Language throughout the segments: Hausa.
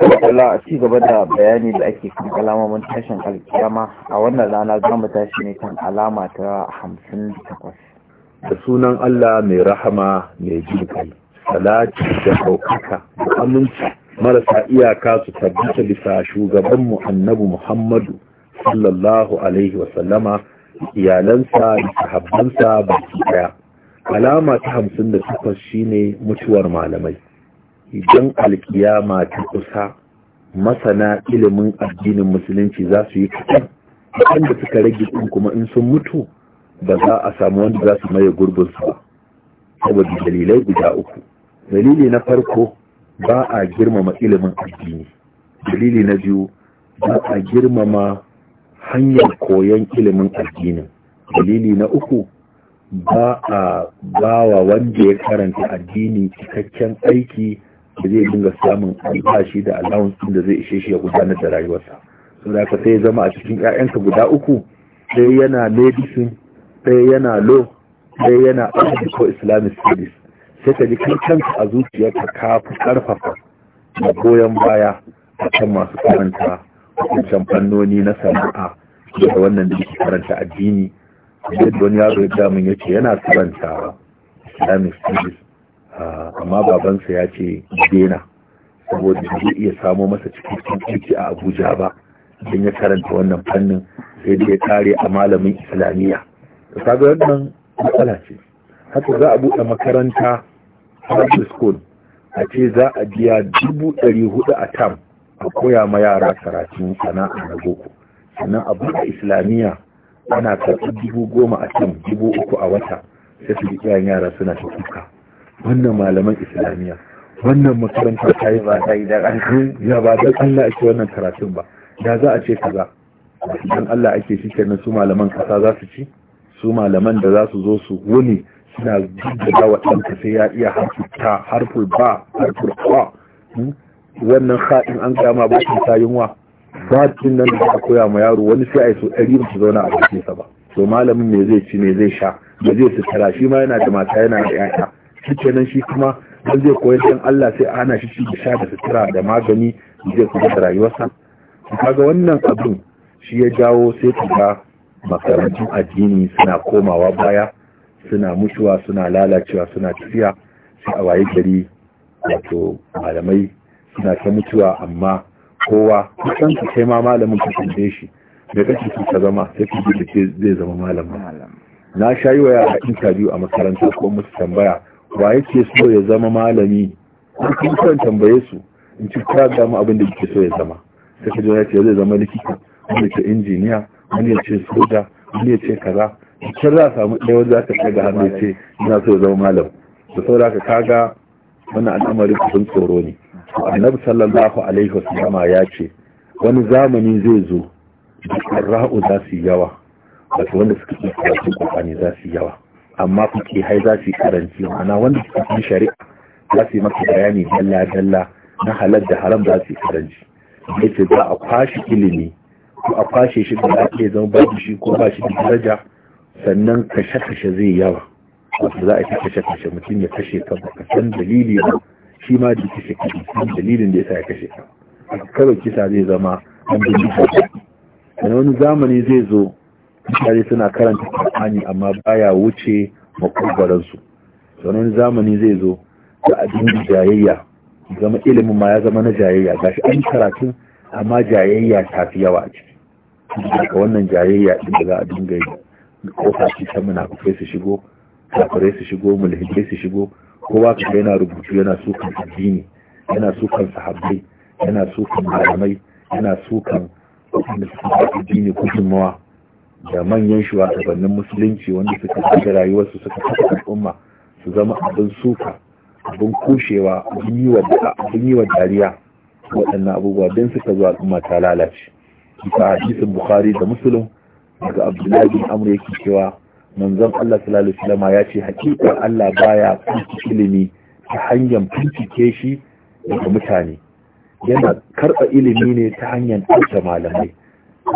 Allah a ci gaba da bayani da ake kan alamomin tashin alkiyama a wannan rana za mu tashi ne kan alama ta hamsin takwas. Da sunan Allah mai rahama mai jin kai, salati da ɗaukaka da aminci marasa iyaka su tabbata bisa shugabanmu Annabu Muhammadu sallallahu alaihi wa iyalansa da sahabbansa baki ɗaya. Alama ta hamsin da takwas shine mutuwar malamai. idan alkiyama ta kusa masana ilimin addinin musulunci za su yi kaɗan waɗanda suka rage ɗin kuma in sun mutu ba za a samu wanda za su maye gurbinsu ba saboda dalilai guda uku dalili na farko ba a girmama ilimin addini dalili na biyu ba a girmama hanyar koyon ilimin addinin dalili na uku ba a bawa wanda ya karanta addini cikakken aiki da zai dinga samun albashi da allowance da zai ishe shi ya gudanar da rayuwarsa da aka sai zama a cikin 'ya'yanka guda uku sai yana medicine sai yana law sai yana ko islamic studies sai ka ji kai a zuciyarka ka fi karfafa da goyon baya a kan masu karanta hukuncin fannoni na sana'a da wannan da yake karanta addini yadda wani yaro ya damun ya ce yana karantawa islamic studies Ah, amma babansa ya ce dena saboda zai iya samo masa cikakken aiki a abuja ba don ya karanta wannan fannin sai da ya kare a malamin islamiyya da kaga wannan matsala ce haka za a buɗe makaranta public school a ce za a biya dubu ɗari hudu a tam a koya ma yara karatun sana'a na boko sannan a buɗe islamiyya ana karɓar dubu goma a tam dubu uku a wata sai su ji yara suna ta kuka wannan malaman islamiyya wannan makaranta ta yi ba ta yi ya ba don Allah ake wannan karatun ba da za a ce kaza don Allah ake shi kenan su malaman kasa za su ci su malaman da za su zo su wuni suna da wa ɗanka sai ya iya harfuta harful ba harful hmm? wannan haɗin an ma ba su ta wa? ba cin nan da koya ma yaro wani sai a yi so ɗari ba su zauna a sa ba to malamin me zai ci me zai sha me zai sutura shi ma yana da mata yana da 'ya'ya nan shi kuma ba zai koyar dan Allah sai ana shi ci sha da sutura da magani zai kuma da rayuwarsa kaga wannan abin shi ya jawo sai kaga makarantun addini suna komawa baya suna mutuwa suna lalacewa suna tafiya sai a waye gari wato malamai suna ta mutuwa amma kowa kusan ka kai ma malamin ka tambaye shi da kake so ka zama sai ka da zai zama malamin na shayi wa yara interview a makaranta ko musu tambaya wa yake so ya zama malami kun san tambaye su in ci ta ga mu abin da yake so ya zama sai ka ya ce zai zama likita wani ce injiniya wani ya ce soja wani ya ce kaza kin za samu ɗaya wanda za ka ga hannu ce ina so ya zama malam da saboda ka kaga wannan al'amarin sun tsoro ne annabi sallallahu alaihi wasallama ya ce wani zamani zai zo da ra'u za su yawa wato wanda suka yi karatun ƙwafani za su yawa amma kuke hai za su yi karanci ma'ana wanda suka shari'a za su yi maka bayani dalla dalla na halar da haram za su yi karanci ya ce za a kwashe ilimi ko a kwashe shi da ake zama babu shi ko ba shi da daraja sannan kashe-kashe zai yawa wato za a yi kashe-kashe mutum ya kashe ka ba san dalili ba shi ma da kashe ka san dalilin da ya sa ya kashe ka kawai kisa zai zama an bin wani zamani zai zo mutane suna karanta Qur'ani amma baya wuce makogaransu sanin zamani zai zo da abin jayayya zama ilimin ma ya zama na jayayya gashi an karatu amma jayayya ta fi yawa a ciki daga wannan jayayya din da za a dinga yi kofa ce ta kufai su shigo kafirai su shigo mulhidai su shigo kowa ka yana rubutu yana sukan addini yana sukan sahabbai yana sukan malamai yana sukan addini gudunmawa da manyan shugabannin musulunci wanda suka da rayuwarsu suka kafa al'umma su zama abin suka abin kushewa abin yi wa dariya waɗannan abubuwa don suka zuwa al'umma ta lalace a hadisin bukhari da musulun daga abdullahi bin amr yake cewa manzon Allah sallallahu alaihi wasallam ya ce hakika Allah baya fice ilimi ta hanyar bincike shi daga mutane yana karɓa ilimi ne ta hanyar tsarta malamai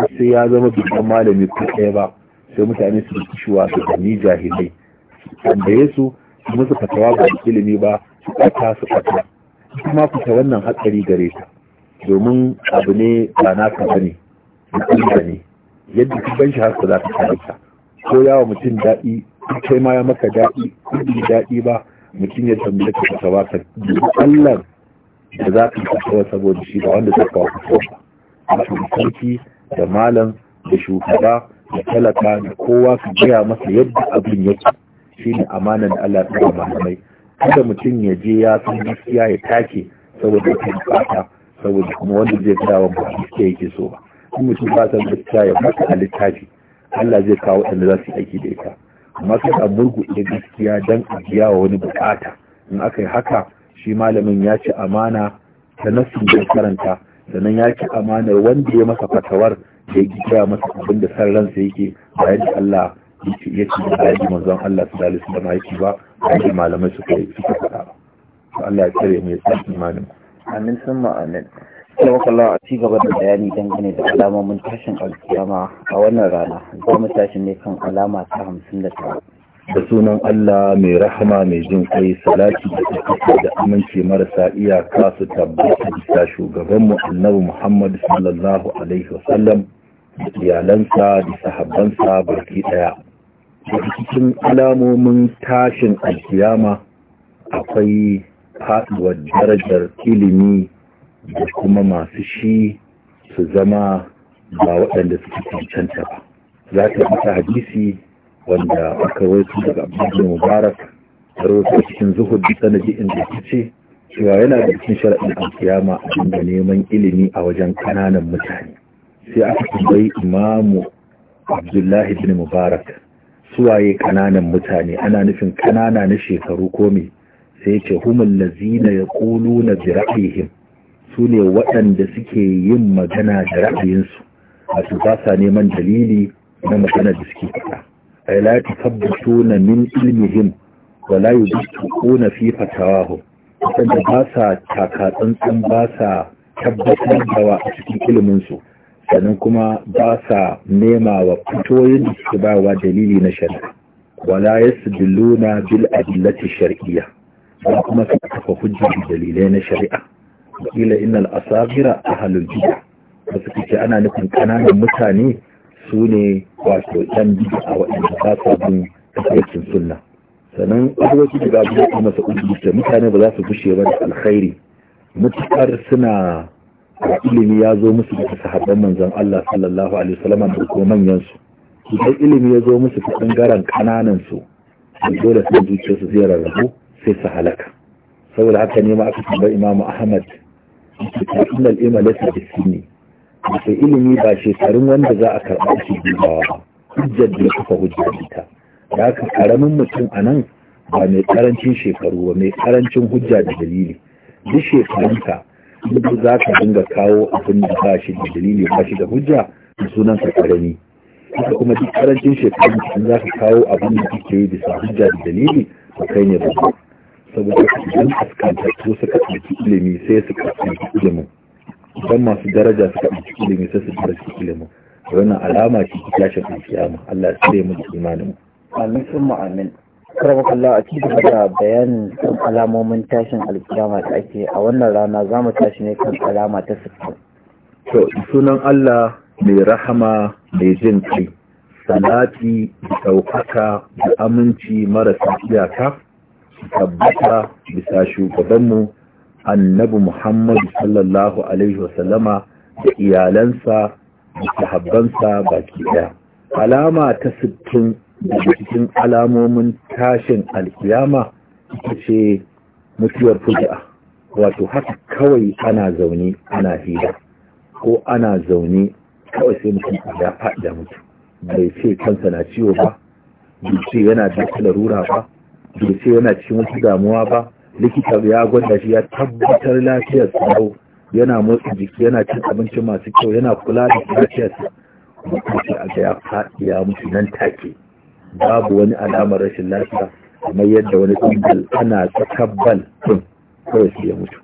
sai ya zama dubban malami ko ɗaya ba sai mutane su ci shuwa su gani jahilai tambaye su musu fatawa ba ilimi ba su ɓata su ɓata ma fita wannan hatsari gare ta domin abu ne ba na ba ne na Allah ne yadda su ban shi haka za ka ta ko yawa mutum daɗi kai ma ya maka daɗi kudi daɗi ba mutum ya tambaye ka fatawa ka Allah da za ka fatawa saboda shi ba wanda zai kawo fatawa ba. Masu sarki da malam da shugaba da talaka da kowa su gaya masa yadda abin yake ne amanan da Allah ya malamai kada mutum ya je ya san gaskiya ya take saboda yake bukata saboda kuma wanda zai gaya wa ba gaskiya yake so ba in mutum ba san gaskiya ya fara a littafi Allah zai kawo waɗanda za su yi aiki da ita amma sai a murguɗe gaskiya don a biya wa wani bukata in aka yi haka shi malamin ya ci amana ta nasin da karanta sannan ya ci amanar wanda ya masa fatawar da ya kira masa abin da san ransa yake ba da Allah ya ci da yaji manzon Allah su dalis da mahaifi ba a yadda malamai suka yi suka faɗa ba to Allah ya tsare mu ya tsare imanin amin sun ma'amin sai kalla a cigaba da bayani dangane da alamomin tashin alkiyama a wannan rana za mu tashi ne kan alama ta hamsin da tara da sunan Allah mai rahama mai jin kai salati da tsaka da aminci marasa iyaka su tabbata bisa shugabanmu annabi Muhammad sallallahu alaihi wasallam da iyalansa da sahabbansa baki daya daga cikin alamomin tashin alkiyama akwai faduwar darajar ilimi da kuma masu shi su zama ba waɗanda suke cancanta ba za ta hadisi wanda aka rawaito daga abubuwan mubarak a rufe cikin zuhud sanadi inda ya ce cewa yana da cikin shari'in alkiyama a dinga neman ilimi a wajen kananan mutane sai aka tambayi imamu abdullahi bin mubarak suwaye kananan mutane ana nufin kanana na shekaru ko mai sai ya ce humul lazina kulu na jira'ihim su ne waɗanda suke yin magana da ra'ayinsu wato ba sa neman dalili na magana da suke faɗa ay la tasabbutuna min ilmihim wa la yudqiquna fi fatawahum sanda ba sa taka tsantsan ba sa tabbatar da a cikin ilimin su sannan kuma ba sa nema wa fitoyin da suke bawa dalili na shari'a wala yasdilluna bil adillati shar'iyya ba kuma su kafa hujjoji dalilai na shari'a wakila innal asabira ahlul bid'ah wasu kace ana nufin kananan mutane su ne wato ɗan a waɗanda ba sa bin tafarkin sunna sannan wasu daga abin da masa ubudita mutane ba za su bushe ba da alkhairi mutukar suna ilimi ya zo musu da sahabban manzon Allah sallallahu alaihi wasallam da kuma manyan su idan ilimi ya zo musu ta bangaren kananan su dole sun zuciya su zai rarrabu sai su halaka saboda haka ne ma aka tambayi Imam Ahmad inna al-ilma laysa bis-sinni wato ilimi ba shekarun wanda za a karɓa shi dubawa ba hujjar da kufa hujjar ita da haka karamin mutum a nan ba mai karancin shekaru ba mai karancin hujja da dalili duk shekarunka duk za ka dinga kawo abin da ba shi da dalili ba shi da hujja da sunan ka karami haka kuma duk karancin shekarun in za ka kawo abin da kake yi bisa hujja da dalili Ba kai ne ba saboda idan askantattu suka ɗauki ilimi sai su ɗauki ilimin idan masu daraja suka cikin ilimi sai su fara cikin ilimi wani alama ce ta tashin mu, Allah ya tsare mu da imanin amin summa amin karama Allah a cikin da bayanin kan alamomin tashin alkiyama da ake a wannan rana za mu tashi ne kan alama ta sifa to sunan Allah mai rahama mai jin kai salati da ɗaukaka da aminci marasa iyaka tabbata bisa shugabanmu annabi Muhammad sallallahu alaihi wasallama da iyalansa da sahabbansa baki daya alama ta sittin daga cikin alamomin tashin alkiyama ita ce mutuwar fuji'a wato haka kawai ana zaune ana hira ko ana zaune kawai sai mutum ya faɗi da mutu bai ce kansa na ciwo ba bai ce yana da larura ba bai ce yana cikin wasu damuwa ba likita ya gwada shi ya tabbatar lafiyar sau yana motsa jiki yana cin abinci masu kyau yana kula da lafiyarsa mutunci a ga ya faɗi ya mutu nan take babu wani alamar rashin lafiya kamar yadda wani tsambal ana tsakabbal ɗin kawai sai ya mutu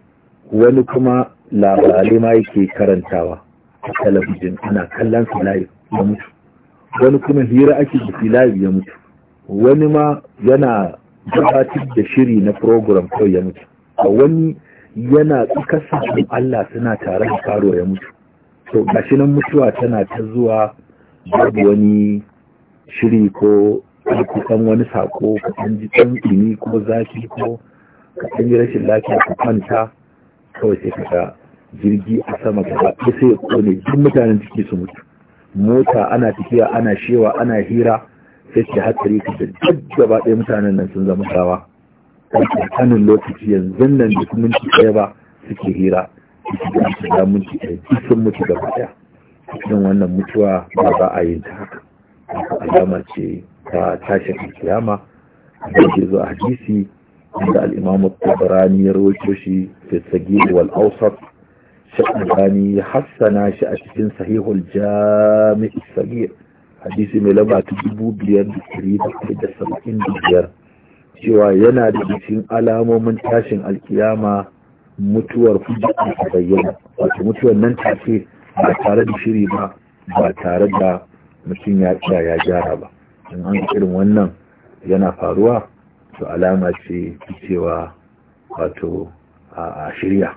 wani kuma labarai ma yake karantawa a talabijin ana kallon su layi ya mutu wani kuma hira ake jiki layi ya mutu wani ma yana gabatar da shiri na program kawai ya mutu a wani yana kasa Allah suna tare da faro ya mutu to gashi mutuwa tana ta zuwa babu wani shiri ko kusan wani sako ka ɗan ji ɗan ko zafi ko ka yi rashin lafiya ko kwanta kawai sai kaga jirgi a sama gaba sai ya kone duk mutanen ciki su mutu mota ana tafiya ana shewa ana hira sai ce hatsari ka da duk gaba ɗaya mutanen nan sun zama rawa? a kanin lokaci yanzu nan da kuma minti ɗaya ba suke hira suke da su da minti ɗaya duk sun mutu gaba ɗaya cikin wannan mutuwa ba za a yin ta haka alama ce ta tashin kiyama da ke zo a hadisi عند الإمام الطبراني رويتوشي في السجيل والأوسط شأن غاني A cikin صحيح الجامع الصغير hadisi mai lamba ta dubu biyar da ɗari da saba'in da biyar cewa yana da cikin alamomin tashin alkiyama mutuwar hujjar a bayyana wato mutuwar nan take ba tare da shiri ba ba tare da mutum ya tsaya ya gyara ba in an irin wannan yana faruwa to alama ce cewa wato a shirya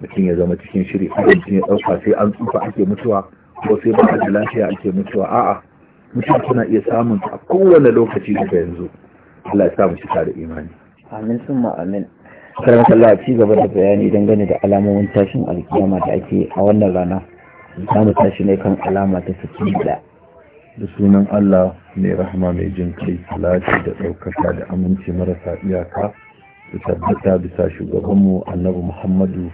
mutum ya zama cikin shiri mutum ya ɗauka sai an tsufa ake mutuwa ko sai ba a da lafiya ake mutuwa a'a mutum suna iya samun a kowane lokaci daga yanzu Allah ya samu shiga da imani amin sun amin karan sallah ci gaba da bayani dangane da alamomin tashin alkiyama da ake a wannan rana za mu tashi ne kan alama ta suke da da sunan Allah mai rahama mai jin kai lati da ɗaukaka da aminci marasa iyaka da tabbata bisa shugabanmu annabi Muhammadu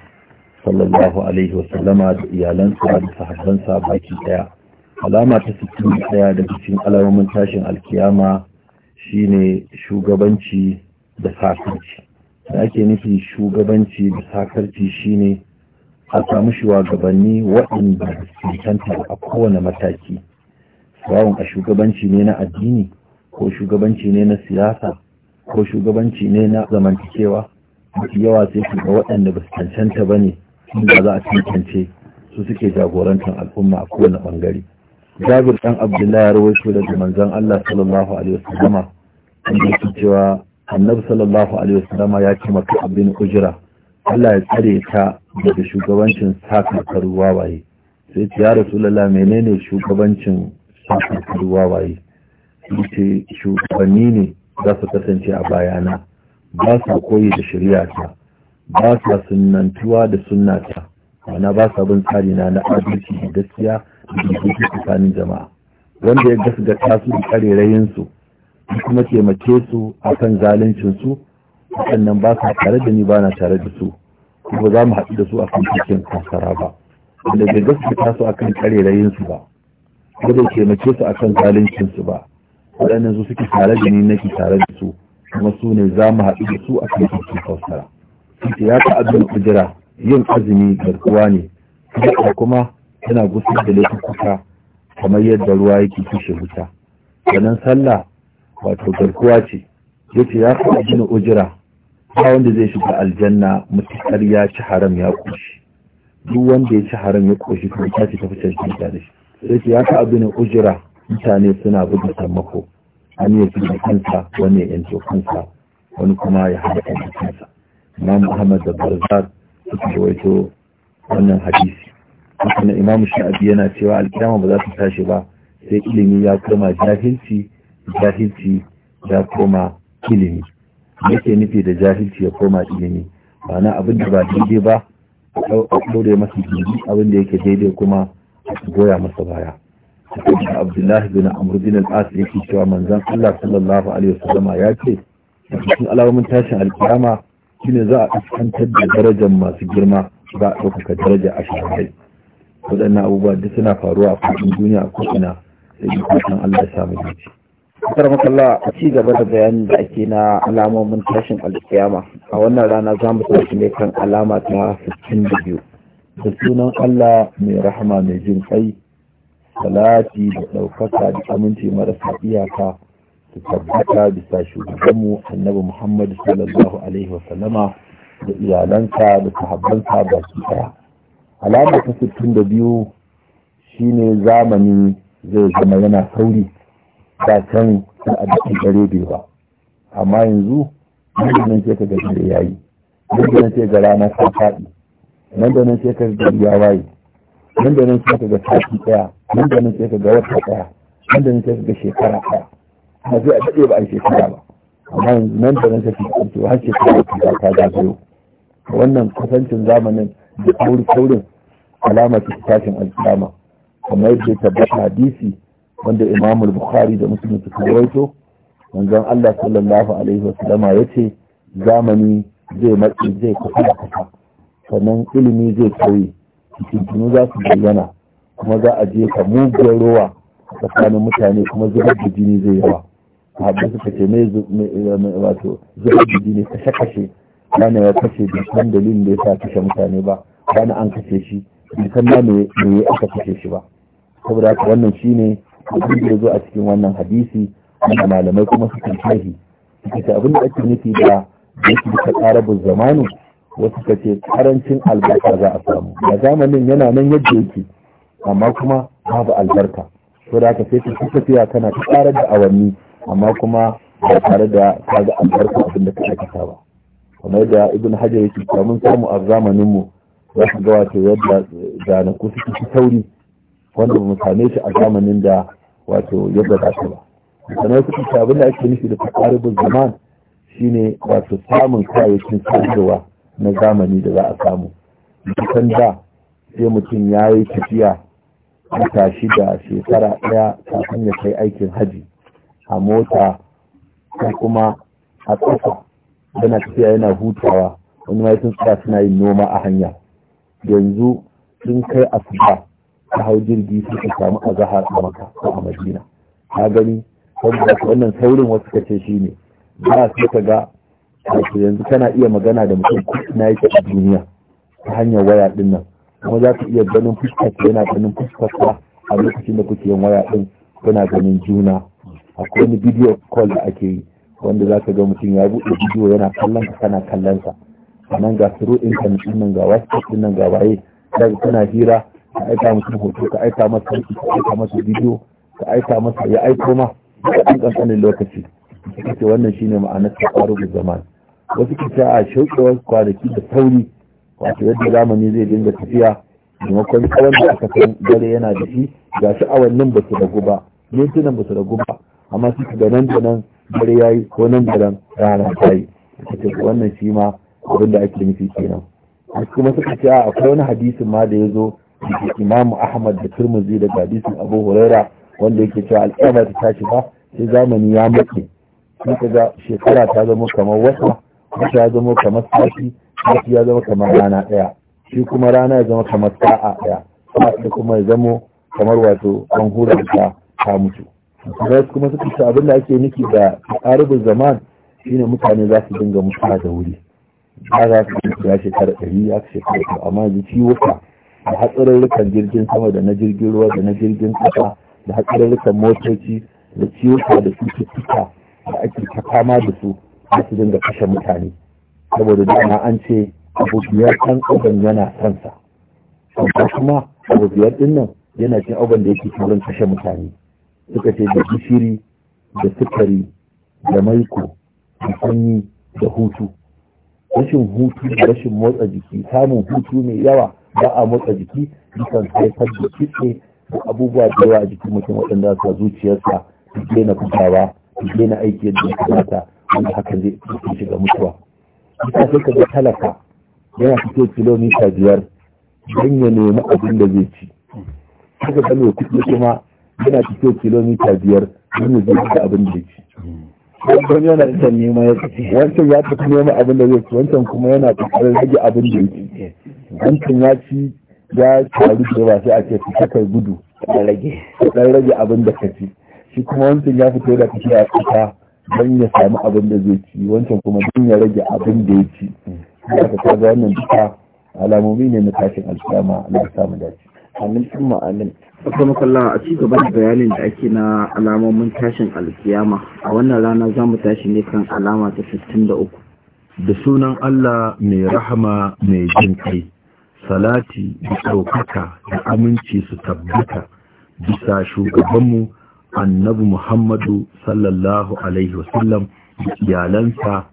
sallallahu alaihi wasallama da iyalansa da sahabbansa baki ɗaya. alama ta sittin daya daga cikin alamomin tashin alkiyama shine shugabanci da sakarci da ake nufi shugabanci da sakarci shine a samu shugabanni waɗanda cancanta a kowane mataki sawun a shugabanci ne na addini ko shugabanci ne na siyasa ko shugabanci ne na zamantakewa mafi yawa sai su ga waɗanda ba su cancanta ba ne ba za a cancance su suke jagorantar al'umma a kowane ɓangare jabir ɗan abdullahi ya rawaito daga manzon Allah sallallahu alaihi wasallama inda yake cewa annabi sallallahu alaihi wasallama ya ce maka abin ujira Allah ya tsare ta daga shugabancin sakar waye, sai ya rasulullah menene shugabancin sakar wawaye ce shugabanni ne za su kasance a bayana ba sa koyi da ta. ba sa sunnantuwa da sunnata ma'ana ba sa bin tsari na na adalci da gaskiya da dokoki tsakanin jama'a wanda ya gasgata su da karerayin su kuma taimake su akan zaluncin su nan ba sa tare da ni ba na tare da su kuma za mu haɗu da su akan cikin kasara ba wanda bai gaskata su akan karerayin su ba ko bai taimake su akan zaluncin su ba waɗannan su suke tare da ni nake tare da su kuma su ne za mu haɗu da su akan cikin kasara. Ita ya ta abin kujira yin azumi garkuwa ne da kuma yana gusar da laifuka kamar yadda ruwa yake kishe wuta sannan sallah wato garkuwa ce yace ya fi gina ujira ba wanda zai shiga aljanna mutakar ya ci haram ya kushi duk wanda ya ci haram ya kushi kuma ta ce tafi cancan da shi yace ya fi abin ujira mutane suna buga sammako an yi fi kansa wani yanzu kansa wani kuma ya haɗa kansa imam ahmad da barzar rawaito wannan hadisi kuma imam sha'abi yana cewa alkiyama ba za ta tashi ba sai ilimi ya koma jahilci jahilci ya koma ilimi yake nufi da jahilci ya koma ilimi ba na abin da ba daidai ba a ɗaure masa gindi abin da yake daidai kuma a goya masa baya da abdullahi bin amr bin al-as yake cewa manzon Allah sallallahu alaihi wasallam ya ce cikin alamomin tashin alkiyama ne za a kaskantar da darajar masu girma za a ɗaukaka daraja a shahadai waɗannan abubuwa duk suna faruwa a faɗin duniya a ko'ina da yi fatan Allah ya samu dace. Kar makalla a ci gaba da bayanin da ake na alamomin tashin alkiyama a wannan rana za mu tashi ne kan alama ta biyu da sunan Allah mai rahama mai jin kai salati da ɗaukaka da aminci marasa iyaka ta tabbata bisa shugabanmu annabi muhammad sallallahu alaihi wa sallama. da iyalansa da sahabbansa baki daya alama ta sittin da biyu shine zamani zai zama yana sauri ba can a dukkan dare bai ba amma yanzu nan da nan ce ka ga ya yi, nan da nan ce ga rana ta faɗi nan da nan ce ka ga ya waye nan da nan ce ka ga sati ɗaya nan da nan ce ka ga wata ɗaya nan da nan ce ka ga shekara ɗaya a zai a daɗe ba a shekara ba amma yanzu nan da nan ta fi kwanci har shekara ta ta da wannan kasancin zamanin da kauri kaurin alama ta tashin alkiyama kamar yadda ya tabbata hadisi wanda imamul bukhari da muslim suka kawaito. manzon Allah sallallahu alaihi wasallama ce, zamani zai matsi zai kusa da kusa sannan ilimi zai kauye cikin za su bayyana kuma za a je ka muguwar ruwa tsakanin mutane kuma zubar da jini zai yawa haɗe suka ce mai wato zuwa jiji ne kashe kashe yana ya kashe da dalilin da ya sa kashe mutane ba yana an kashe shi bai san na me ya aka kashe shi ba saboda haka wannan shine abin da ya zo a cikin wannan hadisi wanda malamai kuma suka shahi suka ce abin da ake nufi da yake duka tsarabin zamanu wasu ka ce karancin albarka za a samu a zamanin yana nan yadda yake amma kuma babu albarka saboda haka sai ka tafiya kana ta karar da awanni amma kuma ba tare da ga albarka abin da ka aikata ba kamar da ibn hajar yake cewa mun samu a zamanin mu za ga wato yadda zanenku suke fi sauri wanda ba mu same shi a zamanin da wato yadda za ta ba sannan suke ce abin da ake nufi da takaribin zaman shine wato samun kayayyakin sadarwa na zamani da za a samu kusan da sai mutum ya yi tafiya wata shida shekara ɗaya kafin ya kai aikin hajji. a mota ko kuma a ƙasa yana tafiya yana hutawa wani ma sun tsaya suna yin noma a hanya yanzu sun kai asuba ta hau jirgi suka samu a zaha a maka ko a madina ka gani saboda wannan saurin wasu ce shi ne ba su ka ga wato yanzu kana iya magana da mutum ko na yake a duniya ta hanyar waya din nan kuma za ka iya ganin fuskar yana ganin fuskar a lokacin da kuke yin waya din kuna ganin juna akwai wani bidiyo call da ake yi wanda za ka ga mutum ya buɗe bidiyo yana kallon ka kana kallon sa sannan ga suru internet din nan ga whatsapp din nan ga waye daga kana hira ka aika musu hoto ka aika masa ka aika masa bidiyo ka aika masa ya aiko ma a ƙanƙanin lokaci kace wannan shine ma'anar taɓaru zaman wasu ke a shauƙewar kwanaki da sauri wato yadda zamani zai dinga tafiya maimakon tsawon da aka san dare yana da shi ga shi awannin ba su ragu ba mintunan ba su ragu ba amma su da nan da nan dare yayi ko nan da nan rana ta yi wannan shi ma abin da ake nufi kenan kuma suka ce akwai wani hadisin ma da ya zo imamu ahmad da turmuzi da hadisin abu huraira wanda yake cewa al'ama ta tashi ba sai zamani ya muke sun ga shekara ta zama kamar wata wata ya zama kamar sashi sashi ya zama kamar rana ɗaya shi kuma rana ya zama kamar sa'a ɗaya sa'a kuma ya zama kamar wato an hura ta ta mutu wasu kuma suka ce abin da ake nufi da arabin zaman shine mutane za su dinga mutuwa da wuri ba za su yi ya shekara ɗari ya shekara ɗari amma yanzu ciwuka da hatsarurrukan jirgin sama da na jirgin ruwa da na jirgin kasa da hatsarurrukan motoci da ciwuka da cututtuka da ake ta fama da su za su dinga kashe mutane saboda dama an ce abokiyar kan ƙudan yana sansa amma kuma abokiyar ɗin nan yana cin abin da yake turin kashe mutane suka ce da gishiri da sukari da maiko da sanyi da hutu rashin hutu da rashin motsa jiki samun hutu mai yawa ba a motsa jiki dukan haifar da kitse da abubuwa da yawa a jikin mutum waɗanda sa zuciyarsa ta na fitawa ta na aiki yadda ya kamata wanda hakan zai shiga mutuwa bisa sai ka ga talaka yana fito kilomita biyar don ya nemi abin da zai ci haka ga mai kuɗi kuma yana tafiya kilomita biyar don zai da abin da yake Wancan yana da nema ya wancan ya tafi nema abin da zai ci wancan kuma yana da karar rage abin da yake wancan ya ci ya taru da yawa sai a ce fita kai gudu dan rage abin da ka ci shi kuma wancan ya fito da tafiya fita don ya samu abin da zai ci wancan kuma don ya rage abin da ya ci ya ka kaga wannan duka alamomi ne na tashin alkiyama na samun dace amin amin akwai a ci gaba da bayanin da ake na alamomin tashin alkiyama a wannan rana za mu tashi ne kan alama ta 63 da sunan Allah mai rahama mai jin kai salati da ɗaukaka da aminci su tabbata bisa shugabanmu annabi muhammadu sallallahu alaihi wasallam da iyalansa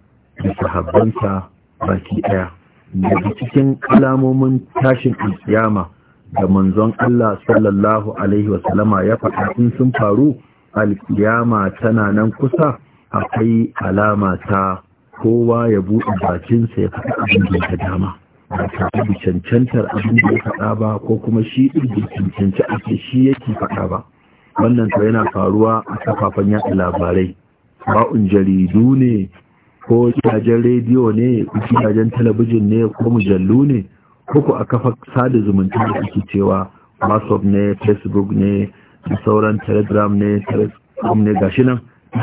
da sahabbansa baki ɗaya daga cikin alamomin tashin alkiyama da manzon Allah sallallahu alaihi wasallama ya faɗa in sun faru alƙiyama tana nan kusa akwai alama ta kowa ya buɗe bakinsa ya faɗa abin da ya dama ba tare da cancantar abin da ya faɗa ba ko kuma shi ɗin da cancanci ake shi yake faɗa ba wannan to yana faruwa a kafafen yaɗa labarai ba'un jaridu ne ko gidajen rediyo ne ko gidajen talabijin ne ko mujallu ne koko a kafa sada zumunta da ake cewa whatsapp ne facebook ne da sauran telegram ne telegram ne gashi nan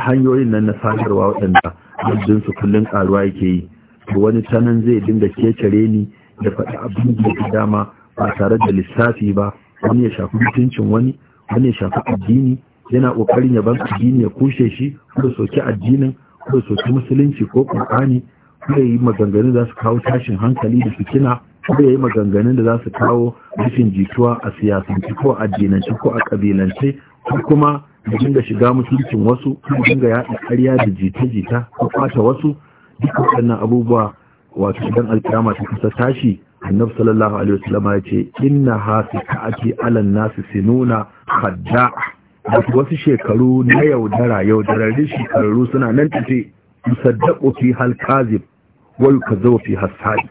hanyoyin nan na sadarwa waɗanda abin su kullum ƙaruwa yake yi wani tanan zai dinga kecare ni da faɗi abin da ya dama ba tare da lissafi ba wani ya shafi mutuncin wani wani ya shafi addini yana ƙoƙarin ya bar addini ya kushe shi ko soki addinin ko soki musulunci ko ƙur'ani ko yi maganganu za su kawo tashin hankali da fitina kada ya yi maganganun da za su kawo rashin jituwa a siyasance ko a addinance ko a ƙabilance ko kuma ya dinga shiga mutuncin wasu ko dinga yaɗa ƙarya da jita-jita ko ɓata wasu duka waɗannan abubuwa wato idan alkiyama ta kusa tashi annabi sallallahu alaihi wasallam ya ce inna hasikati ala nasi sinuna khadda wasu shekaru na yaudara yaudararri shekaru suna nan tafe musaddaqu fi hal kazib wa yukazzabu fi hasadi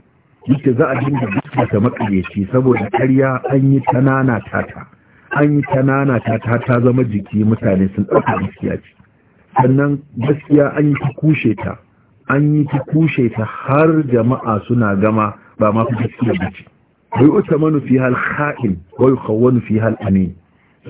yake za a dinga ta makaryaci saboda karya an yi tanana tata an yi tanana tata ta zama jiki mutane sun ɗauka gaskiya ce sannan gaskiya an yi ta kushe ta an yi ta kushe ta har jama'a suna gama ba ma fi gaskiya ba ce bai uta manu fi hal ha'in wai kawwanu fi hal amin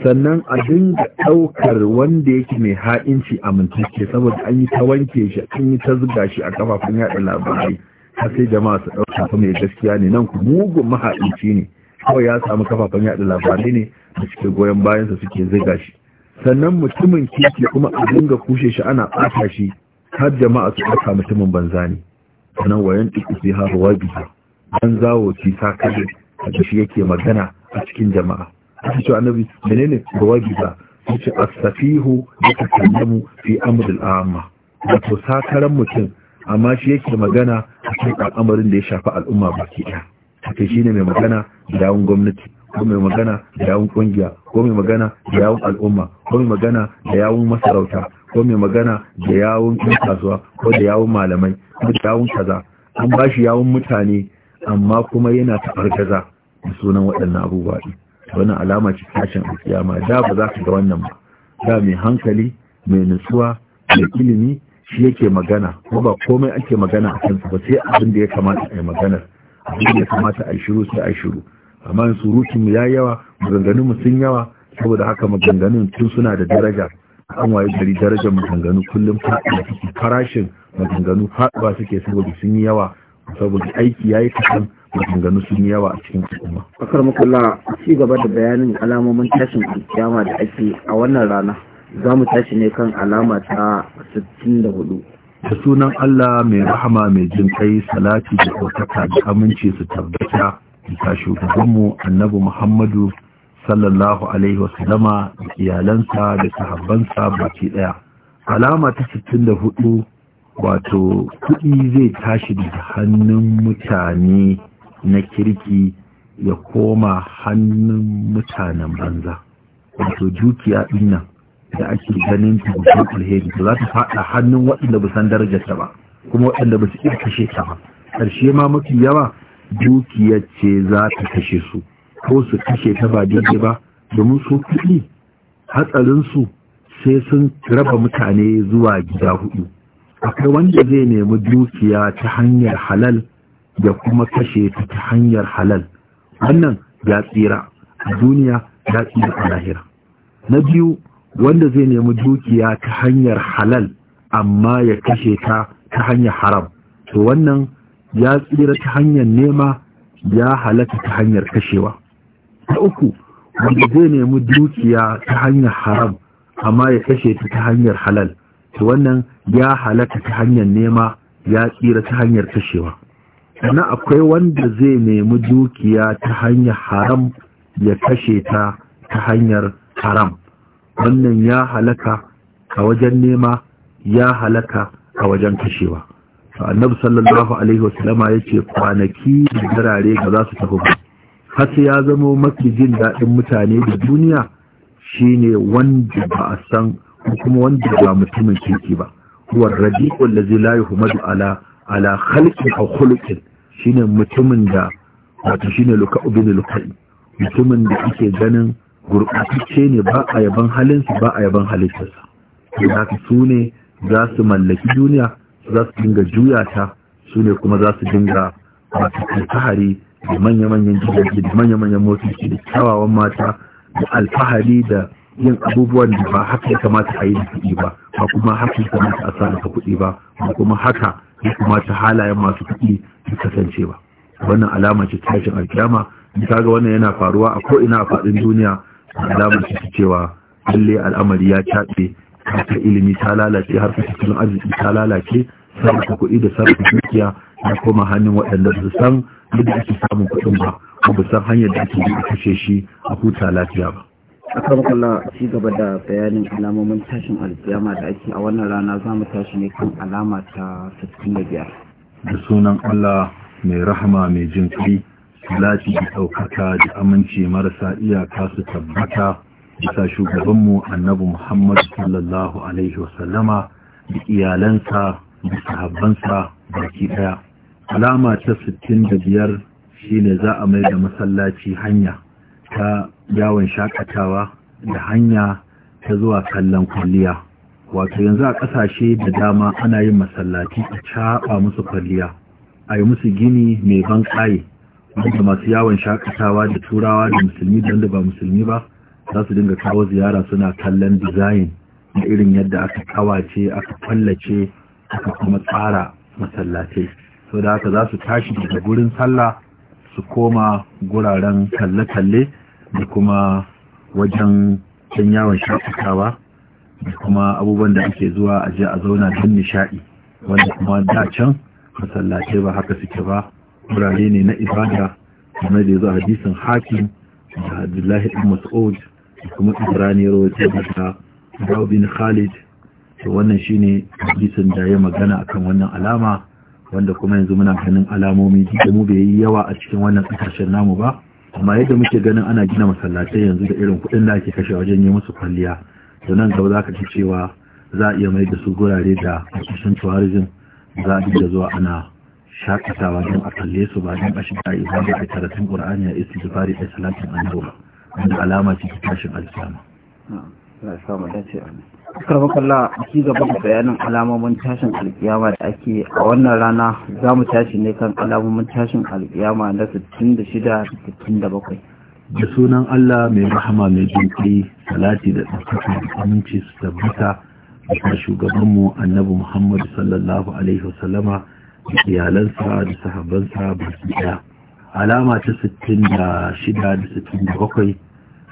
sannan a dinga ɗaukar wanda yake mai ha'inci mintake saboda an yi ta wanke shi an yi ta zuga shi a kafafun yaɗa labarai har sai jama'a su ɗauka fa mai gaskiya ne nan ku mugun mahaɗinci ne kawai ya samu kafafen yaɗa labarai ne da suke goyon bayansa suke ziga shi sannan mutumin kirki kuma a dinga kushe shi ana ɓata shi har jama'a su ɗauka mutumin banza ne sannan wayan ɗiƙi sai har ruwa biyu Dan zawo ci sa kare a shi yake magana a cikin jama'a aka ce annabi menene ruwa biyu asafihu as-safihu kallamu fi amr amma wato sakaran mutum amma shi yake magana a kan al'amarin da ya shafi al'umma baki ɗaya haka shi ne mai magana da yawun gwamnati ko mai magana da yawun ƙungiya ko mai magana da yawun al'umma ko mai magana da yawun masarauta ko mai magana da yawun ƴan kasuwa ko da yawun malamai ko da yawun kaza an ba shi yawun mutane amma kuma yana gaza da sunan waɗannan abubuwa ɗin wannan alama ce tashin ma. da ba za ka ga wannan ba da mai hankali mai nutsuwa mai ilimi shi yake magana ko ba komai ake magana a kansa ba sai abin da ya kamata a yi maganar abin da ya kamata a yi shiru sai a yi shiru amma surutun ya yawa maganganun mu sun yawa saboda haka maganganun tun suna da daraja kan waye gari darajar maganganu kullum faɗuwa suke farashin maganganu faɗuwa suke saboda sun yi yawa saboda aiki ya yi kasan maganganu sun yi yawa a cikin al'umma. Bakar makulla ci gaba da bayanin alamomin tashin alkiyama da ake a wannan rana. za mu tashi ne kan alama ta 64 da sunan Allah mai rahama mai jin kai salati da ɗaukaka da aminci su tabbata ta shugabanmu annabi Muhammadu sallallahu alaihi wasallama da iyalansa da sahabbansa baki ɗaya alama ta 64 wato kuɗi zai tashi daga hannun mutane na kirki ya koma hannun mutanen banza wato dukiya ɗin da ake ganin ta da alheri za ta faɗa hannun waɗanda ba san darajarta ba kuma waɗanda ba su iya kashe ta ba ƙarshe ma mafi yawa dukiyar ce za ta kashe su ko su kashe ta ba daidai ba domin su kuɗi hatsarinsu sai sun raba mutane zuwa gida hudu akwai wanda zai nemi dukiya ta hanyar halal da kuma kashe ta ta hanyar halal wannan ya tsira a duniya ya tsira a lahira na biyu wanda zai nemi dukiya ta hanyar halal amma ya kashe ta ta hanyar haram to wannan ya tsira ta hanyar nema ya halatta ta hanyar kashewa ta uku wanda zai nemi dukiya ta hanyar haram amma ya kashe ta ta hanyar halal to wannan ya halatta ta hanyar nema ya tsira ta hanyar kashewa sannan akwai wanda zai nemi dukiya ta hanyar haram ya kashe ta ta hanyar haram wannan ya halaka a wajen nema ya halaka a wajen kashewa annabi sallallahu alaihi wasallama yace kwanaki da darare ga za su tafi ba har ya zamo mafi jin daɗin mutane da duniya shine wanda ba a san kuma wanda ba mutumin kirki ba huwa radiqu allazi la yuhmadu ala ala khalqin aw shine mutumin da wato shine luka ibn mutumin da ake ganin gurɓatacce ne ba a yaban halinsu ba a yaban halittarsa da su ne za su mallaki duniya za su dinga juya ta su ne kuma za su dinga masu alfahari da manya-manyan jirage da manya-manyan motoci da kyawawan mata da alfahari da yin abubuwan da ba haka ya kamata a yi da kuɗi ba ba kuma haka ya kamata a sa da kuɗi ba ba kuma haka ya kamata halayen masu kuɗi su kasance ba wannan alama ce tashin alkiyama ga wannan yana faruwa a ko'ina a faɗin duniya alamar ciki cewa lalle al'amari ya caɓe harkar ilimi ta lalace harkar tattalin arziki ta lalace sarrafa kuɗi da sarrafa dukiya Na koma hannun waɗanda su san yadda ake samun kuɗin ba ko ba san hanyar da ake a kashe shi a huta lafiya ba. akan kula ci gaba da bayanin alamomin tashin alkiyama da ake a wannan rana za mu tashi ne kan alama ta 65 da sunan allah mai rahama mai jin salati da ɗaukaka da aminci marasa iyaka su tabbata bisa shugabanmu annabi Muhammad sallallahu alaihi wasallama da iyalansa da sahabbansa baki ɗaya. Alama ta sittin da biyar shine za a mai da masallaci hanya ta yawon shakatawa da hanya ta zuwa kallon kwalliya. Wato yanzu a ƙasashe da dama ana yin masallaci a caɓa musu kwalliya, a yi musu gini mai ban ƙaye. da masu yawon shakatawa da turawa da musulmi da ba musulmi ba za su dinga kawo ziyara suna kallon dizayin na irin yadda aka kawace aka kwallace aka kuma tsara masallatai so da haka za su tashi daga gurin sallah su koma guraren kalle-kalle da kuma wajen can yawon shakatawa da kuma abubuwan da ake zuwa a je a zauna don nishaɗi wanda kuma da can masallatai ba haka suke ba wurare ne na ibada kamar da zo hadisin hakim da abdullahi ibn mas'ud da kuma ibrani ya rawaita daga daubin khalid to wannan shine hadisin da ya magana akan wannan alama wanda kuma yanzu muna ganin alamomi da mu bai yi yawa a cikin wannan kasashen namu ba amma yadda muke ganin ana gina masallatai yanzu da irin kuɗin da ake kashe wajen yi musu kwalliya to nan gaba za ka ji cewa za a iya mai da su gurare da kasashen tuwarizin za a da zuwa ana shakatawa don a kalle su ba don a shiga ibada da karatun qur'ani a fari ɗaya salatin annabi wanda alama ce ta tashin alkiyama ya samu dace karfa kalla ci gaba da bayanin alamomin tashin alkiyama da ake a wannan rana za mu tashi ne kan alamomin tashin alkiyama na 66 da 67 da sunan Allah mai rahama mai jinkai salati da tsakaka da aminci su tabbata da shugabanmu annabi Muhammadu sallallahu alaihi wasallama iyalansa da sahabbansa su daya alama ta 66 da 67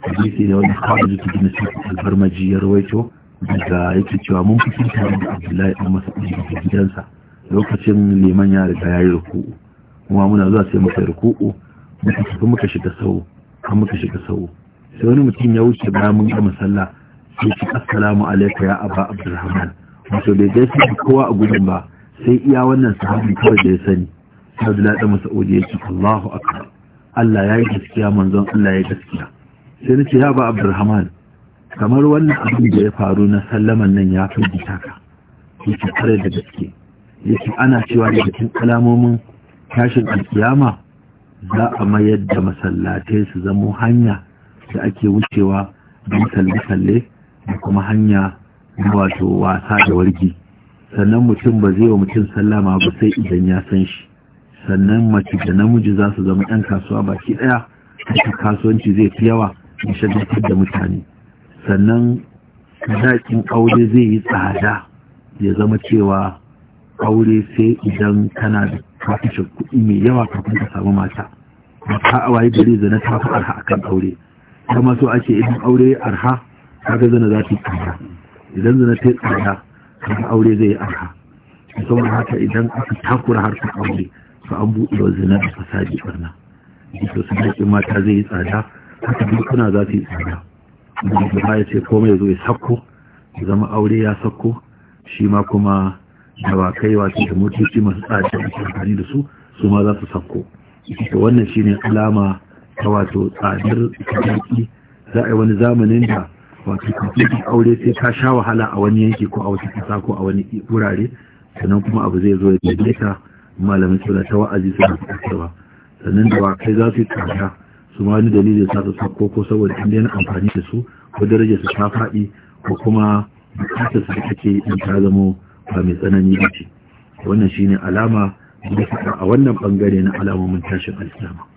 hadisi ne wanda kawai da gina sai albarmaji ya rawaito daga yake cewa mun fi tare da abdullahi dan mas'ud da gidansa lokacin liman ya riga ya yi ruku'u kuma muna zuwa sai muka ruku'u muka tafi muka shiga sau an muka shiga sau sai wani mutum ya wuce bayan mun gama sallah sai ce assalamu alaika ya aba abdurrahman wato bai gaisa kowa a gudun ba sai iya wannan sahabi kawai da ya sani Abdullahi da Mas'udi yake Allahu akbar Allah ya yi gaskiya manzon Allah ya yi gaskiya sai nace ya ba Abdurrahman kamar wannan abin da ya faru na sallaman nan ya fi bitaka yake kare da gaske yake ana cewa da cikin alamomin tashin alkiyama za a mayar da masallatai su zamo hanya da ake wucewa da masalle-masalle da kuma hanya wato wasa da wargi sannan mutum ba zai wa mutum sallama ba sai idan ya san shi sannan mace da namiji za su zama ɗan kasuwa baki ɗaya haka kasuwanci zai fi yawa da shagaltar da mutane sannan sadakin aure zai yi tsada ya zama cewa aure sai idan kana da kafishin kuɗi mai yawa kafin ka samu mata ka a waye gari zana ta fi arha akan aure kama so ake idan aure arha kaga zana za ta yi tsada idan zana ta yi tsada kamar aure zai yi arha saboda haka idan aka takura harkar aure to an buɗe wa zina da fasadi barna to sadakin mata zai yi tsada haka dukuna za su yi tsada da ba ya ce komai ya zo ya sakko zama aure ya sakko shi ma kuma da ba dawakai wato da motoci masu tsada da amfani da su su ma za su sakko to wannan shine alama ta wato tsadar sadaki za a yi wani zamanin da wato kamfanin aure sai ta sha wahala a wani yanki ko a wata kasa ko a wani wurare sannan kuma abu zai zo ya dade malamin suna ta wa'azi suna fitarwa sannan da wakai za su yi tsada su ma wani dalili sa su sako ko saboda an daina amfani da su ko darajar su ta faɗi ko kuma bukatar su take in ta zamo ba mai tsanani ba ce wannan shine alama a wannan bangare na alamomin tashin alisama